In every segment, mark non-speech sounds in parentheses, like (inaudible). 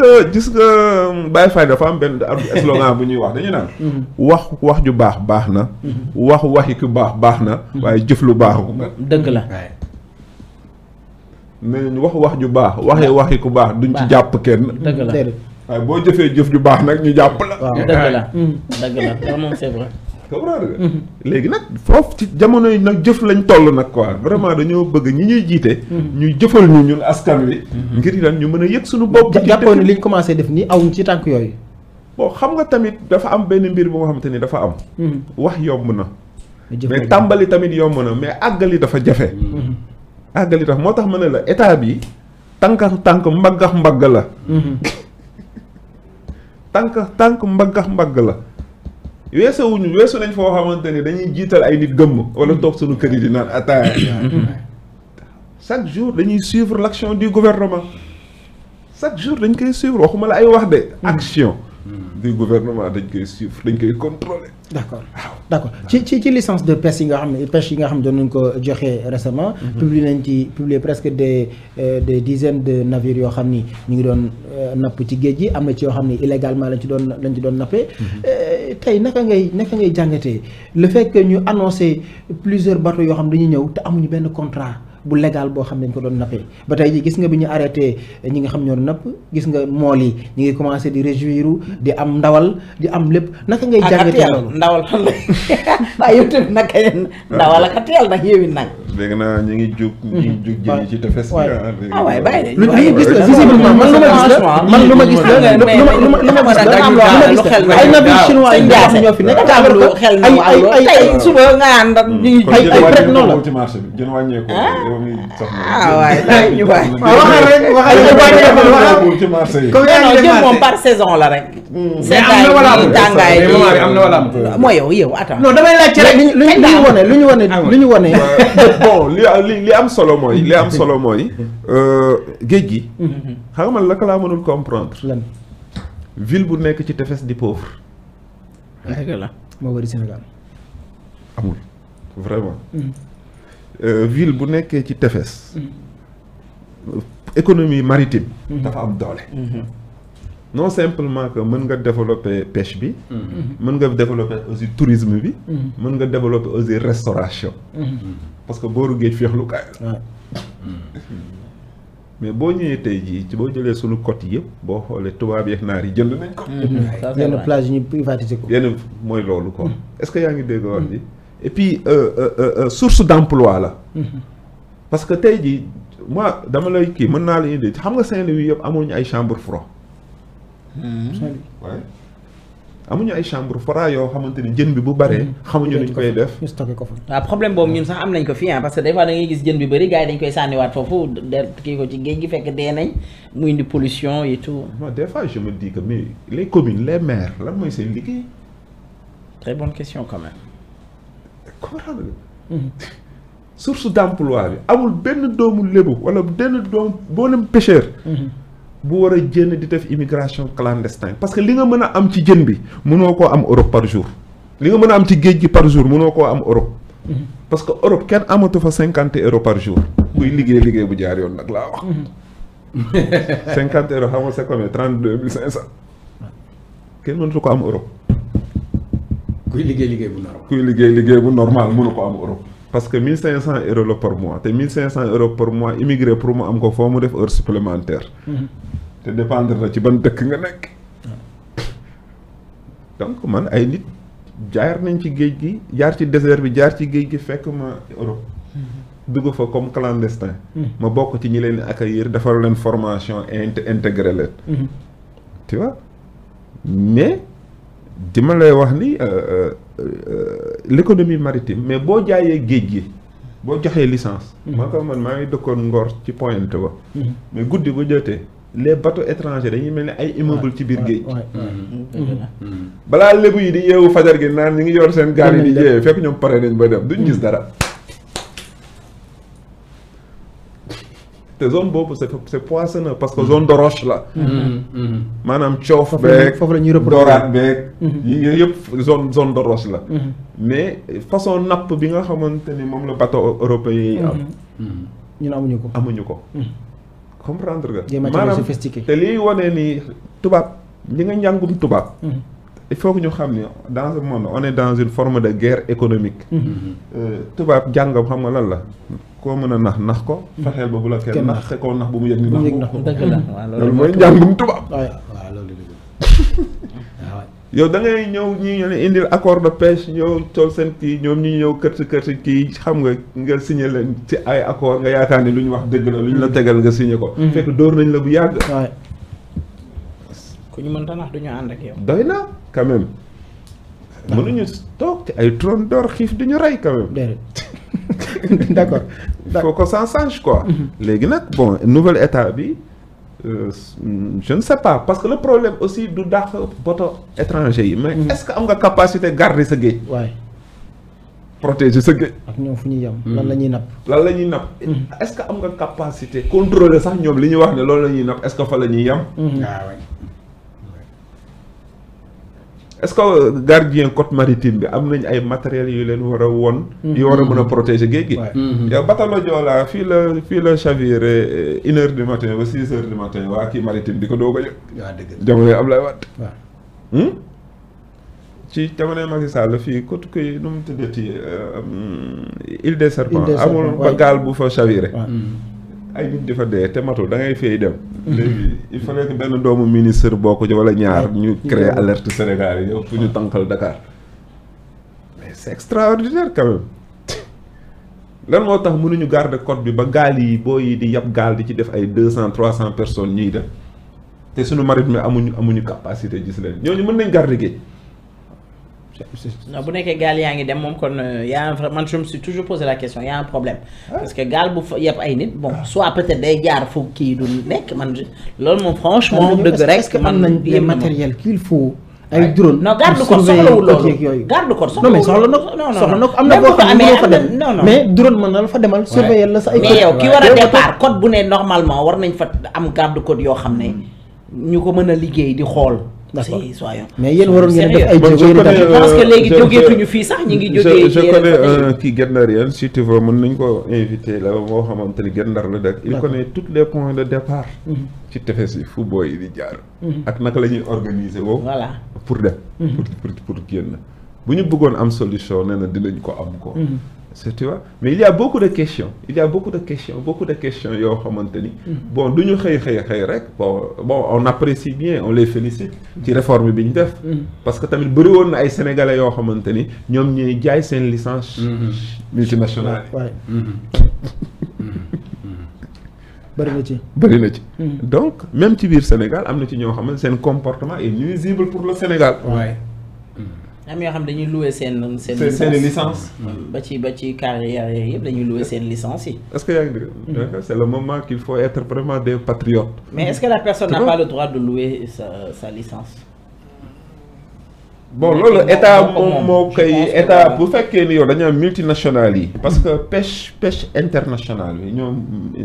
nga gis nga um, Baye Faye dafa am benn am slogan bu ñuy wax dañuy naan. Mhm. wax wax ju baax baax na. Mhm. wax waxi ku baax baax na. Mhm. waaye jëf lu baaxul. dëgg la. mais waxu wax ju baax waxee waxi ku baax duñ ci jàpp kenn. dëgg la waaye boo jëfee jëf ju baax nag ñu jàpp la. dëgg la dëgg moom c'est vrai. comprendre mhm. léegi nag foofu ci jamono yi nag jëf lañ tollu nag quoi mhm. vraiment dañoo bëgg ñi ñuy jiite. Mhm. ñu jëfal ñu ñun askan wi. ngir lan ñu mën a yëg suñu bopp. ci jàppoon ne commencé def nii awuñ ci tànk yooyu. bon xam nga tamit dafa am benn mbir bu nga xamante ni dafa am. wax yomb na. mais tàmbali tamit yomb na mais àggali dafa jafe. àggali tax moo tax mën ne la état bi (laughs) tànk tànk mbaggax mbagg la. tànk tànk mbaggax mbagg la. weesuwuñu weesu nañ foo xamante ni dañuy jiital ay nit gëmm wala toog suñu kër yi di naan ataaya chaque jour dañuy suivre laction action du gouvernement chaque jour dañ koy suivre waxuma la ay wax de hmm. action Mm. du gouvernement dañ koy suivre dañ koy contrôler. d' accord d' ci ci ci licence de pêche yi nga xam ne pêche yi nga xam ne doon ko joxe récemment. Mm-hmm. nañ ci publier presque des euh, des dizaines de navires yoo xam ni ñu ngi doon euh, napp ci géej gi am na ci yoo xam ne illégalement lañ ci doon lañ ci doon nappee. Mm-hmm. Euh, tey naka ngay naka ngay jàngatee le fait que ñu annoncé plusieurs bateaux yoo xam dañuy ñëw te amuñu benn contrat. bu légal boo xam ne dañ ko doon nappee ba tey jii gis nga bi ñu arrêté ñi nga xam ñoo napp gis nga mool yi ñu ngi commencé di réjouir di am ndawal di am lépp naka ngay jàngatee loolu ndawal fan la (laughs) nag ndawal ak teel nag yéewi nag léegi naa ñu ngi jug. ñu ngi jug hmm. jëli ci tefes. waaw waaw ah, ah, waaye bàyyi de. waaye gis la visiblement man lu ma gis la man lu ma gis la lu ma lu ma lu ma gis la lu ma gis la ay nabi chinois yi nga ñoo fi nekk. taamu xel na waaw ay ay tey suba nga ànd ak. Hmm. ñu ngi ay ay prête noonu la kon jën wàññeeku la jën wàññeeku. ah, ah waay laaj ñu waay. waxal rek waxal rek waxal rek. non jën moom par saison la rek. Hmm. mais am na wala amul tàngaay bi am na wala amul. mooy yow yow attends. non damay laajte rek lu ñu wane lu ñu wane lu ñu wane bon li li li am solo mooy li am solo mooy (laughs) euh, géej gi. Mm-hmm. xamal nga man laa mënul comprendre. lan ville bu nekk ci tefes di pauvre. dëgg la moo bëri Sénégal. amul vraiment. Mm. Euh, ville bu nekkee ci tefes. Mm. économie maritime. Mm-hmm. dafa am doole. Mm-hmm. non simplement que mën nga développer pêche bi. Mm-hmm. mën nga développer aussi tourisme bi. Mm-hmm. mën nga développer aussi restauration. Mm-hmm. parce que booru géej féexlukaay la. mais boo ñëwee tey jii ci boo jëlee suñu côte yëpp boo xoolee tubaab yeeg naar yi jënd nañ ko. yenn plage yi ñu ko. yenn mooy loolu quoi. est-ce que yaa ngi dégg wax bi et puis euh euh, euh, euh, source d'emploi la. parce que tey jii moi dama lay kii mën naa la indi xam nga Saint-Louis yëpp amuñu ay chambre froid waaye mhm. amuñu ay chambre froide yoo xamante ni jën bi bu baree. Mhm. xamuñu nuñ koy def ñu stocké ko fa. waaw ah, problème boobu ñun sax am nañ ko fii ah, parce que des fois da ngay gis jën bi bëri gars yi dañ koy sànniwaat foofu de kii ko ci géej gi fekk dee nañ mu indi pollution et tout. non des fois je me dis que mais les communes les maires lan mooy seen liggéey. très bonne question quand même. comprendre nga. Mhm. source d'emploi bi amul benn doomu lébu wala benn doom boo nem pêcheur. bu war a jënd di def immigration clandestine parce que li nga mën a am ci jën bi noo ko am Europe par jour li nga mën a am ci géej gi par jour mënoo koo am Europe parce que Europe kenn amatu fa cinquante euros par jour kuy liggéey liggéey bu jaar yoon nag laa wax mhm. (laughs) cinquante euros xam nga c'est combien cinq cent kenn mënatu ko am Europe kuy liggéey liggéey bu normal kuy liggéey liggéey bu ko am Europe parce que 1500 euros la par mois te 1500 euros par mois immigré pour mu am ko foo mu def heure supplémentaire mhm. te dépendre na ci ban dëkk nga nekk donc man ay nit jaar nañ ci géej gi jaar ci désert bi jaar ci géej gi fekk ma Europe mm-hmm. dugg fa comme clandestin mm-hmm. ma bokk ci ñi leen ak accueillir defal leen formation int intégré leen mm-hmm. tu mais di ma lay wax ni euh, euh, euh, l'économie maritime mais boo jaayee géej gi boo joxee licence maa ko man maa ngi dëkkoon Ngor ci Pointe ba mais guddi bu jotee les bateaux étrangers dañuy mel ni ay immeuble ci biir géej mm-hmm. Mm-hmm. Mm-hmm. balaa lébu yi di yeewu fajar gi naan ñu ngi yor seen gaal yi di yeewee fekk ñoom pare nañ ba dem duñ gis dara te zone boobu c'est c'est poissonneux parce que zone de roche la maanaam coof beeg foofu la ñuy rëbb dooraat beeg yooyu zone zone de roche la mais façon napp bi nga xamante ni moom la bateau européen yi am ñun ko amuñu ko comprendre nga. maanaam te liy wane ni tubaab li nga njàngum tubaab. Mhm. il faut ñu xam ni dans ce monde on est dans une forme de guerre économique. Mhm. Euh, tubaab jàngam xam nga lan la. koo mën a nax nax ko. Mhm. fexeel ba bu la kenn nax te nax bu mu yëg ni nax ko. loolu mooy njàngum tubaab. yow da ngay ñëw ñu ne indil accord de pêche ñëw tool seen kii ñoom ñu ñëw kër si kër kii xam nga nga signé leen ci ay accord nga yaakaar ni lu ñu wax dëgg la lu ñu la mm-hmm. tegal nga signé ko. Mm-hmm. fekk dóor nañ la bu yàgg. waay ku ñu mënta nax du ñu ànd ak yow. doy na quand même. mënuñu toog ci ay trône d'or xiif du ñu rey quand même. déedéet (laughs) d' accord. il faut qu'on s'en quoi. Mm-hmm. léegi nag bon nouvelle état bi. Euh, je ne pas parce que le problème aussi du dàq bateau étranger yi mais mm. est-ce que am nga capacité garder sa géej waay protéger sa géej ak ñoom fu ñuy yam mm. lan la ñuy napp lan la ñuy napp mm. est-ce que am nga capacité controler sax ñoom li ñuy wax ne loolu la ñuy napp est-ce que fa la ñuy yam ah est-ce que gardien côte maritime bi am nañ ay matériels yu leen war a woon. Mm-hmm. yu war a mën a protéger géej gi. Mm-hmm. yow batalo Joola fii la fii la chaviré euh, une du matin ba six du matin waa ki maritime di ko doog a yëg. waaw dëgg la jamono Ablaye Wade. Hmm? ci jamono Macky Sall fii côté kii nu mu tuddati euh, Île des Serpents. amul ba gaal bu fa chaviré. Mm-hmm. ay nit dafa dee te matul da ngay fay dem. Mm-hmm. léegi il fallait que benn doomu ministre bokk ci wala ñaar mm-hmm. ñu créer alerte Sénégal yi ñëw fu ñu tànqal Dakar mais c'est extraordinaire (laughs) lan moo tax mënuñu garde côte bi ba gaal yi boo yi di yab gaal di ci def ay deux cent trois cent personnes ñuy dem te suñu marit mi amuñu amuñu capacité gis leen ñooñu mën nañ garde géej. non bu nekkee gaal yaa ngi dem moom kon euh, yaa un man je me suis toujours posé la question y a un problème parce que gaal bu yëpp ay nit bon ah. soit peut-être jaar fu kii du nekk man loolu moom franchement dëgg rek man nañ les matériels qu'il faut ay drone non garde corps soxlawul loolu garde corps soxlawul non mais soxla na ko soxla na ko am na boo xam ne fa dem mais drone mën na la fa demal surveiller la sa ay mais yow ki war a départ code bu ne normalement war nañ fa am garde code yoo xam ne ñu ko mën a liggéey di xool d'accord si soyons. mais yéen waroon ngeen def ay jéego parce que léegi euh, jógeetuñu fii sax ñu ngi jógee. kii Gendar yéen si tu mën nañ ko invité la woo xamante ni Gendar la dëkk. il connaît tous les points de départ. Mhm. ci tefes yi fu yi di jaar. Mhm. ak naka la ñuy organiser woo. voilà pour dem. Mhm. pour pour pour génn bu ñu bëggoon am solution nee na dinañ ko am ko. tu vois mais il y a beaucoup de questions il y a beaucoup de questions beaucoup de questions yoo xamante ni. Mm. bon du ñu xëy xëy xëy rek bon bon on apprécie bien on les félicite. ci réforme bi ñu def. Mm. parce que tamit bëri woon na ay sénégalais yoo xamante ni ñoom ñuy jaay seen licence. Mm-hmm. multinationale yi mm-hmm. mm-hmm. bëri na ci bëri na ci. Mm. donc même ci biir Sénégal am na ci ñoo xamante seen comportement est nuisible pour le Sénégal. am yoo xam dañuy loué seen seen licence mm. ba ci ba ci carrière yooyu yëpp dañuy loué seen licence yi est que yaa ngi dégg mm. c'est le moment qu'il faut être vraiment des patriotes mais est-ce que la personne n'a pas le droit de louer sa sa licence bon loolu état moom moo koy état bu fekkee ni yow dañu am multinationales yi mm. parce que pêche pêche internationale yi ñoom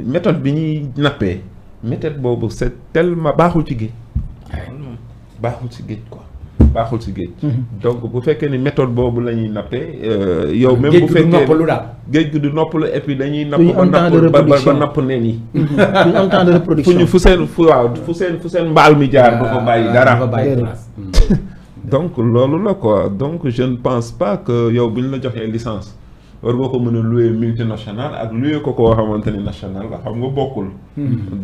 méthode bi ñuy nappee méthode boobu c'est tellement baaxul ci géej ah, baaxul ci géej quoi baaxul si géej. Mhm. donc bu fekkee ni méthode boobu la ñuy nappee. Euh, yow même bu fekkee géej gi du noppalu daal. géej gi du noppalu et puis dañuy. napp ba napp ba ba napp nen yi. Mhm. (laughs) am temps de fu seen fu waaw fu seen fu seen mbaal mi jaar. ba ah, fa bàyyi dara mhm. donc loolu la quoi donc je ne pense pas que yow bu ñu la joxee licence. war boo ko mën a louer national ak louer ko koo xamante ni national la xam nga bokkul.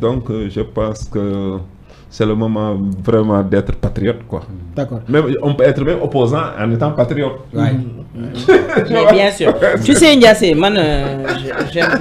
donc euh, je pense que. c'est le moment vraiment d'être patriote quoi. D'accord. Même on peut être même opposant en étant patriote. Ouais. Mais (laughs) bien sûr. Tu sais Ndiassé, man euh, j'aime